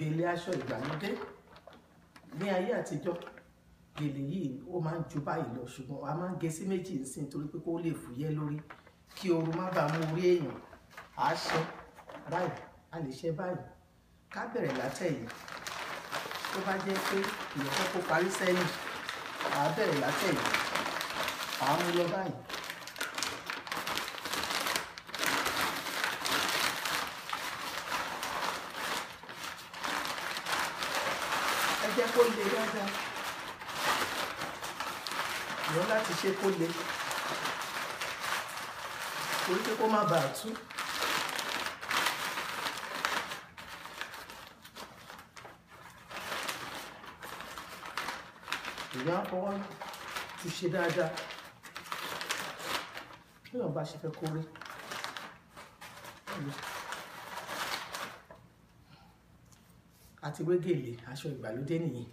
gèlè aṣọ ìgbàlódé ní ayé àtijọ́ gèlè yìí ó máa ń ju báyìí lọ ṣùgbọ́n a máa ń gé sí méjì nsìn torí pé kó lè fúyẹ́ lórí kí ooru má bàa mú orí èèyàn á ṣe báyìí a lè ṣe báyìí ká bẹ̀rẹ̀ látẹ̀yìn tó bá jẹ́ pé ìyẹn fẹ́ kó parí sẹ́yìn à bẹ̀rẹ̀ látẹ̀yìn à mú lọ báyìí. jẹ́ kó le dáadáa yọ láti ṣe kó le torí pé kó má bàa tú. ìyá ọwọ́ ti ṣe dáadáa bí wọ́n bá ṣe fẹ́ kórè. àti wé gèlè aṣọ ìgbàlódé nìyẹn